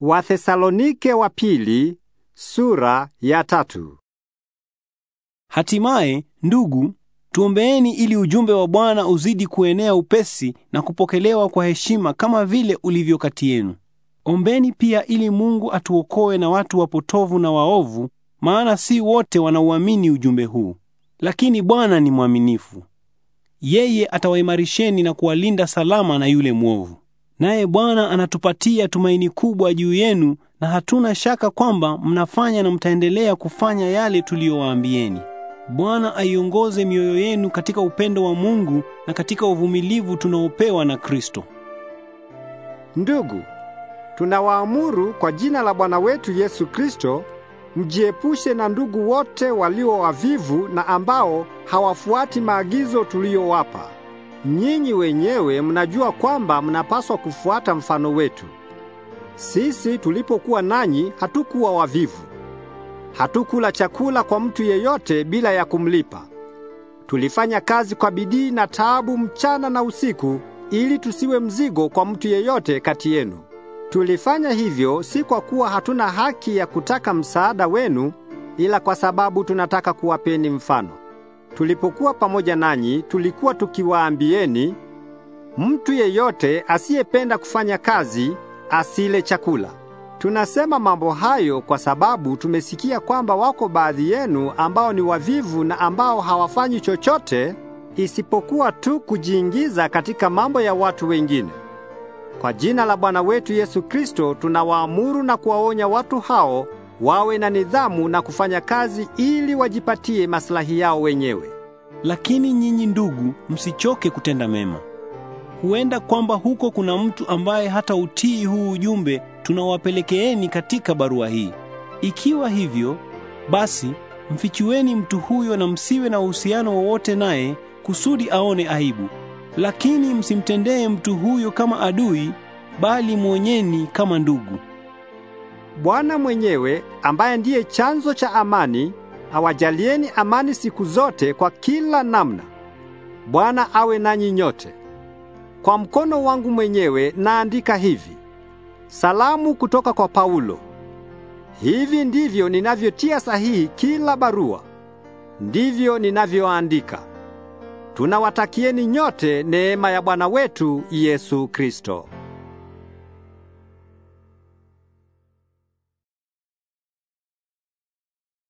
Wathesalonike wa pili sura ya tatu. Hatimaye ndugu, tuombeeni ili ujumbe wa Bwana uzidi kuenea upesi na kupokelewa kwa heshima kama vile ulivyo kati yenu. Ombeni pia ili Mungu atuokoe na watu wapotovu na waovu, maana si wote wanauamini ujumbe huu. Lakini Bwana ni mwaminifu. Yeye atawaimarisheni na kuwalinda salama na yule mwovu naye Bwana anatupatia tumaini kubwa juu yenu, na hatuna shaka kwamba mnafanya na mtaendelea kufanya yale tuliyowaambieni. Bwana aiongoze mioyo yenu katika upendo wa Mungu na katika uvumilivu tunaopewa na Kristo. Ndugu, tunawaamuru kwa jina la Bwana wetu Yesu Kristo mjiepushe na ndugu wote walio wavivu na ambao hawafuati maagizo tuliyowapa. Nyinyi wenyewe mnajua kwamba mnapaswa kufuata mfano wetu. Sisi tulipokuwa nanyi hatukuwa wavivu. Hatukula chakula kwa mtu yeyote bila ya kumlipa. Tulifanya kazi kwa bidii na taabu mchana na usiku ili tusiwe mzigo kwa mtu yeyote kati yenu. Tulifanya hivyo si kwa kuwa hatuna haki ya kutaka msaada wenu, ila kwa sababu tunataka kuwapeni mfano. Tulipokuwa pamoja nanyi, tulikuwa tukiwaambieni mtu yeyote asiyependa kufanya kazi asile chakula. Tunasema mambo hayo kwa sababu tumesikia kwamba wako baadhi yenu ambao ni wavivu na ambao hawafanyi chochote isipokuwa tu kujiingiza katika mambo ya watu wengine. Kwa jina la Bwana wetu Yesu Kristo tunawaamuru na kuwaonya watu hao wawe na nidhamu na kufanya kazi ili wajipatie maslahi yao wenyewe. Lakini nyinyi ndugu, msichoke kutenda mema. Huenda kwamba huko kuna mtu ambaye hata utii huu ujumbe tunawapelekeeni katika barua hii. Ikiwa hivyo, basi mfichueni mtu huyo na msiwe na uhusiano wowote naye kusudi aone aibu. Lakini msimtendee mtu huyo kama adui, bali mwonyeni kama ndugu. Bwana mwenyewe ambaye ndiye chanzo cha amani awajalieni amani siku zote kwa kila namna. Bwana awe nanyi nyote. Kwa mkono wangu mwenyewe naandika hivi: salamu kutoka kwa Paulo. Hivi ndivyo ninavyotia sahihi kila barua, ndivyo ninavyoandika. Tunawatakieni nyote neema ya Bwana wetu Yesu Kristo.